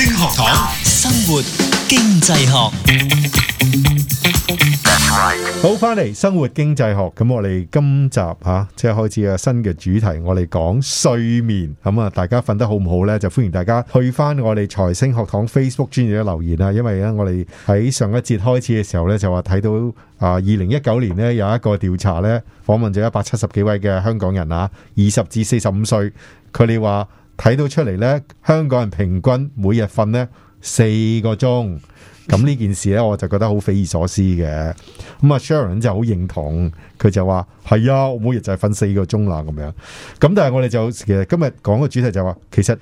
學生活經濟學，好翻嚟生活經濟學，咁我哋今集吓、啊、即係開始啊新嘅主題，我哋講睡眠，咁啊大家瞓得好唔好呢？就歡迎大家去翻我哋財星學堂 Facebook 專頁嘅留言啊！因為咧我哋喺上一節開始嘅時候呢，就話睇到啊二零一九年呢有一個調查呢訪問咗一百七十幾位嘅香港人啊，二十至四十五歲，佢哋話。睇到出嚟呢，香港人平均每日瞓呢四個鐘，咁呢件事呢，我就覺得好匪夷所思嘅。咁、嗯、啊，Sharon 就好認同，佢就話：係啊，我每日就係瞓四個鐘啦。咁樣，咁但係我哋就其實今日講嘅主題就話，其實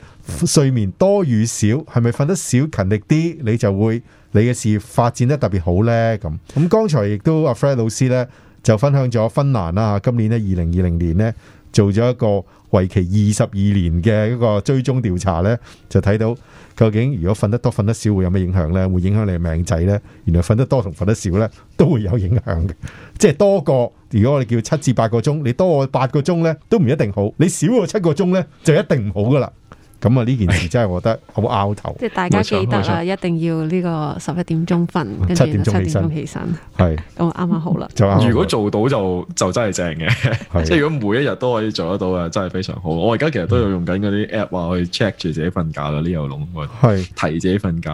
睡眠多與少係咪瞓得少勤力啲，你就會你嘅事業發展得特別好呢？咁咁、嗯、剛才亦都阿 Fred 老師呢，就分享咗芬蘭啦、啊，今年呢，二零二零年呢，做咗一個為期二十二年嘅一個追蹤調查呢，就睇到究竟如果瞓得多、瞓得少會有咩影響呢？會影響你嘅命仔呢？原來瞓得多同瞓得少呢都會有影響嘅。即係多過，如果我哋叫七至八個鐘，你多過八個鐘呢都唔一定好；你少過七個鐘呢就一定唔好㗎喇。咁啊！呢件事真係我覺得好拗頭，即係大家記得啊，一定要呢個十一點鐘瞓，七點鐘起身，係咁啱啱好啦。如果做到就就真係正嘅，即係如果每一日都可以做得到啊，真係非常好。我而家其實都有用緊嗰啲 app 話去 check 住自己瞓覺啦，呢條龍我係提自己瞓覺。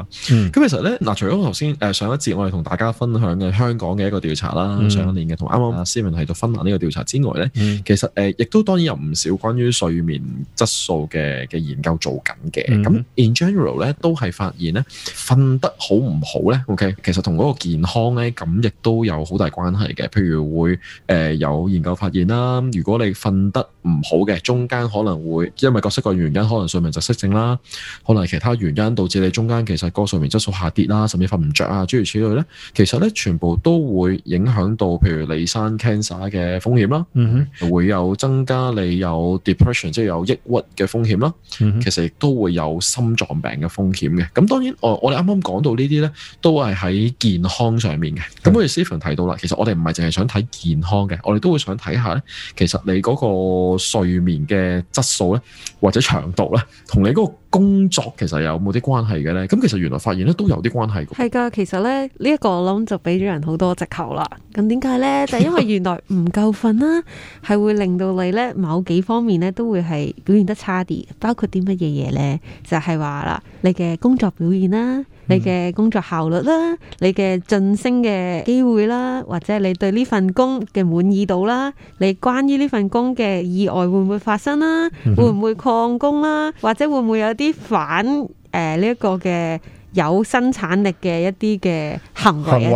咁其實咧，嗱，除咗頭先誒上一節我哋同大家分享嘅香港嘅一個調查啦，上一年嘅同啱啱阿斯文提到芬蘭呢個調查之外咧，其實誒亦都當然有唔少關於睡眠質素嘅嘅研究。做緊嘅，咁 in general 咧都係發現咧，瞓得好唔好咧？OK，其實同嗰個健康咧，咁亦都有好大關係嘅。譬如會誒有研究發現啦，如果你瞓得唔好嘅，中間可能會因為各色各原因，可能睡眠質失症啦，可能其他原因導致你中間其實高睡眠質素下跌啦，甚至瞓唔着啊，諸如此類咧，其實咧全部都會影響到，譬如你生 cancer 嘅風險啦，mm hmm. 會有增加你有 depression，即係有抑鬱嘅風險啦。Mm hmm. 其實亦都會有心臟病嘅風險嘅，咁當然我我哋啱啱講到呢啲咧，都係喺健康上面嘅。咁好似 Stephen 提到啦，其實我哋唔係淨係想睇健康嘅，我哋都會想睇下咧，其實你嗰個睡眠嘅質素咧，或者長度咧，同你嗰個工作其實有冇啲關係嘅呢？咁其實原來發現咧都有啲關係嘅。係㗎，其實咧呢一個我諗就俾咗人好多藉口啦。咁點解呢？就係因為原來唔夠瞓啦，係 會令到你呢某幾方面咧都會係表現得差啲，包括啲乜嘢嘢呢？就係話啦，你嘅工作表現啦。你嘅工作效率啦，你嘅晉升嘅機會啦，或者你對呢份工嘅滿意度啦，你關於呢份工嘅意外會唔會發生啦，會唔會曠工啦，或者會唔會有啲反誒呢一個嘅有生產力嘅一啲嘅？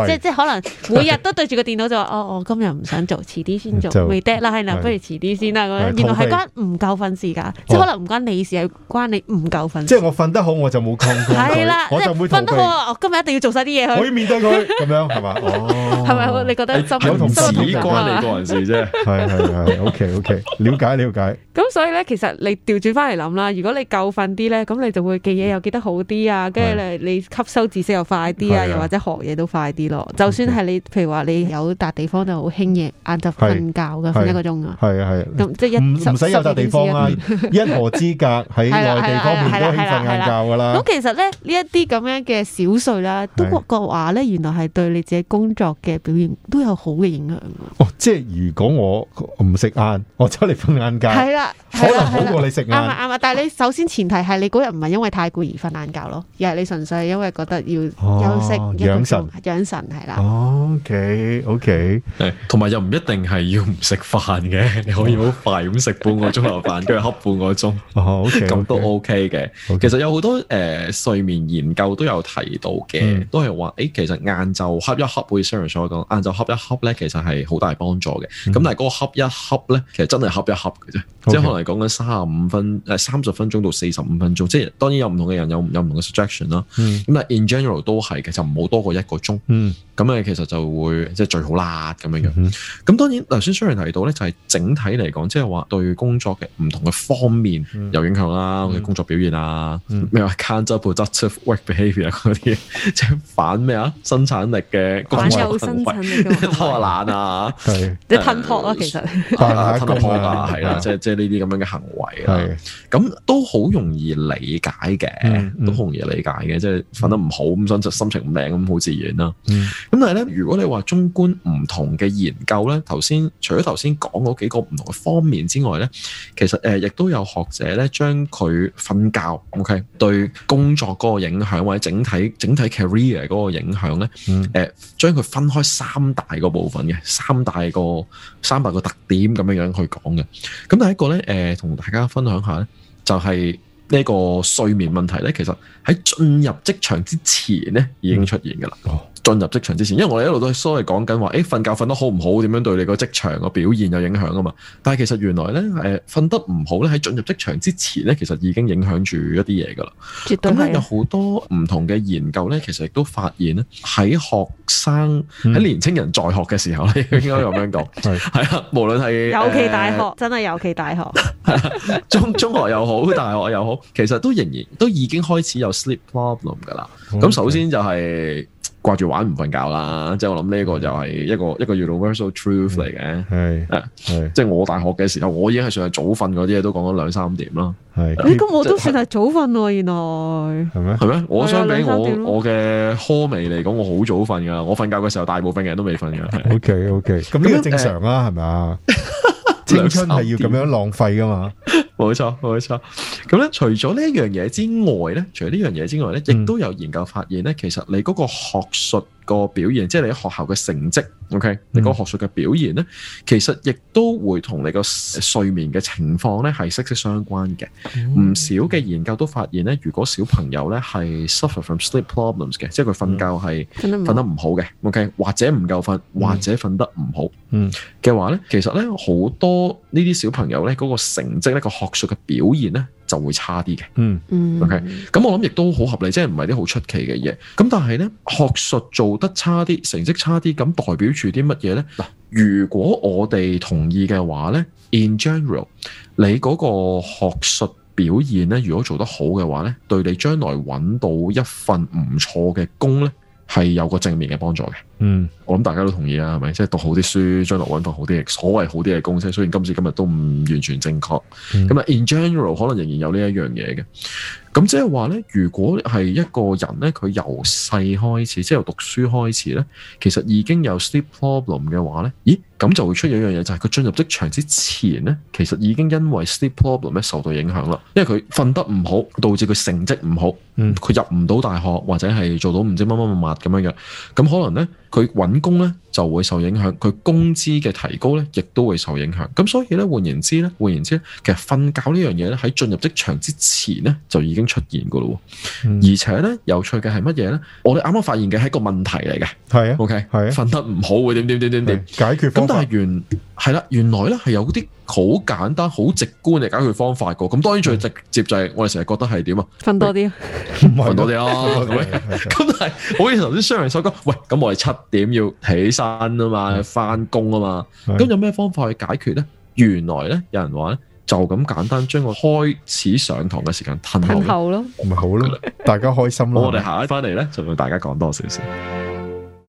即即可能每日都對住個電腦就話哦，我今日唔想做，遲啲先做，未 dead 啦，不如遲啲先啦。原來係關唔夠瞓事㗎，即可能唔關你事，係關你唔夠瞓。即我瞓得好，我就冇抗拒佢，我就會瞓得好。我今日一定要做晒啲嘢去。可以面對佢咁樣係嘛？係咪？你覺得有同紙關你個人事啫？係係係。OK OK，了解了解。咁所以咧，其實你調轉翻嚟諗啦，如果你夠瞓啲咧，咁你就會記嘢又記得好啲啊，跟住你你吸收知識又快啲啊，又或者學嘢。都快啲咯！就算係你，譬如話你有笪地方就好輕嘅，晏晝瞓覺噶，瞓一個鐘啊。係啊係。咁即係一唔使有笪地方啊，一河之隔喺內地方面都可以瞓晏覺噶啦。咁其實咧呢一啲咁樣嘅小睡啦，都話話咧，原來係對你自己工作嘅表現都有好嘅影響哦，即係如果我唔食晏，我出嚟瞓晏覺，係啦，可能好過你食晏。啱啊啱啊！但係你首先前提係你嗰日唔係因為太攰而瞓晏覺咯，而係你純粹係因為覺得要休息養神。養神係啦。O K O K，係同埋又唔一定係要唔食飯嘅，你可以好快咁食半個鐘頭飯，跟住恰半個鐘，咁、 哦 okay, 都 O K 嘅。okay. 其實有好多誒、呃、睡眠研究都有提到嘅，嗯、都係話誒其實晏晝恰一恰，s 瞌，r 然所講晏晝恰一恰咧，其實係好、嗯、大幫助嘅。咁、嗯、但係嗰個恰一恰咧，其實真係恰一恰嘅啫，即係可能講緊三十五分誒三十分鐘到四十五分鐘，即係當然有唔同嘅人有唔有唔同嘅 suggestion 啦。咁啊 in general 都係其實唔好多過一。個鐘，嗯，咁咧其實就會即係最好啦，咁樣樣。咁當然，頭先雖然提到咧，就係整體嚟講，即係話對工作嘅唔同嘅方面有影響啦，嘅工作表現啊，咩話 counterproductive work behaviour 嗰啲，即係反咩啊生產力嘅工作，拖下懶啊，即你吞撲啊，其實吞撲啊，係啦，即係即係呢啲咁樣嘅行為，係咁都好容易理解嘅，都好容易理解嘅，即係瞓得唔好，咁想就心情唔靚，咁好似。然啦，咁、嗯、但係咧，如果你話中觀唔同嘅研究咧，頭先除咗頭先講嗰幾個唔同嘅方面之外咧，其實誒亦、呃、都有學者咧將佢瞓覺，OK 對工作嗰個影響或者整體整體 career 嗰個影響咧，誒、嗯呃、將佢分開三大個部分嘅，三大個三大個特點咁樣樣去講嘅。咁第一個咧，誒、呃、同大家分享下咧，就係、是。呢個睡眠問題咧，其實喺進入職場之前咧已經出現㗎啦。嗯、進入職場之前，因為我哋一路都係所以講緊話，誒、欸、瞓覺瞓得好唔好，點樣對你個職場個表現有影響啊嘛。但係其實原來咧，誒、呃、瞓得唔好咧，喺進入職場之前咧，其實已經影響住一啲嘢㗎啦。絕對咁咧那、嗯、有好多唔同嘅研究咧，其實亦都發現咧，喺學生喺年青人在學嘅時候咧，嗯、 應該咁樣講係啊。無論係尤其大學，呃、真係尤其大學， 中中，中學又好，大學又好。其實都仍然都已經開始有 sleep problem 噶啦，咁首先就係掛住玩唔瞓覺啦，即係我諗呢一個就係一個一個 universal truth 嚟嘅，係，即係我大學嘅時候，我已經係算係早瞓嗰啲嘢，都講咗兩三點咯，咁我都算係早瞓喎，原來。係咩？係咩？我相比我我嘅呵微嚟講，我好早瞓噶，我瞓覺嘅時候，大部分嘅人都未瞓噶，OK OK，咁呢個正常啦，係咪啊？青春係要咁樣浪費噶嘛？冇錯冇錯，咁咧、嗯，除咗呢一樣嘢之外咧，除咗呢樣嘢之外咧，亦都有研究發現咧，其實你個學術個表現，即係你喺學校嘅成績 OK 你個學術嘅表現咧，其實亦都會同你個睡眠嘅情況咧係息息相關嘅。唔、嗯、少嘅研究都發現咧，如果小朋友咧係 suffer from sleep problems 嘅，嗯、即係佢瞓覺係瞓得唔好嘅，OK，、嗯、或者唔夠瞓，或者瞓得唔好，嗯嘅、嗯、話咧，其實咧好多呢啲小朋友咧個成績咧個學學術嘅表現咧就會差啲嘅，嗯嗯，OK，咁我諗亦都好合理，即係唔係啲好出奇嘅嘢。咁但係咧學術做得差啲，成績差啲，咁代表住啲乜嘢咧嗱？如果我哋同意嘅話咧，in general，你嗰個學術表現咧，如果做得好嘅話咧，對你將來揾到一份唔錯嘅工咧，係有個正面嘅幫助嘅。嗯，我諗大家都同意啊，係咪？即係讀好啲書，將來搵份好啲嘅，所謂好啲嘅公司。即係雖然今時今日都唔完全正確，咁啊、嗯、in general 可能仍然有呢一樣嘢嘅。咁即係話咧，如果係一個人咧，佢由細開始，即係由讀書開始咧，其實已經有 sleep problem 嘅話咧，咦？咁就會出現一樣嘢，就係、是、佢進入職場之前咧，其實已經因為 sleep problem 受到影響啦。因為佢瞓得唔好，導致佢成績唔好，佢、嗯、入唔到大學或者係做到唔知乜乜乜物咁樣嘅，咁可能咧。佢揾工咧就會受影響，佢工資嘅提高咧亦都會受影響。咁所以咧，換言之咧，換言之咧，其實瞓覺呢樣嘢咧，喺進入職場之前咧就已經出現噶咯。嗯、而且咧有趣嘅係乜嘢咧？我哋啱啱發現嘅係一個問題嚟嘅。係啊，OK 係啊，瞓得唔好會點點點點點解決。咁但係完。係啦，原來咧係有啲好簡單、好直觀嘅解決方法噶。咁當然最直接就係我哋成日覺得係點啊？瞓多啲，唔係瞓多啲啊！咁但係好似頭先商人首歌，喂，咁我哋七點要起身啊嘛，翻工啊嘛，咁對 有咩方法去解決咧？原來咧有人話咧，就咁簡單，將我開始上堂嘅時間褪後咯，唔好咯， 大家開心咯。我哋下一翻嚟咧就同大家講多少少。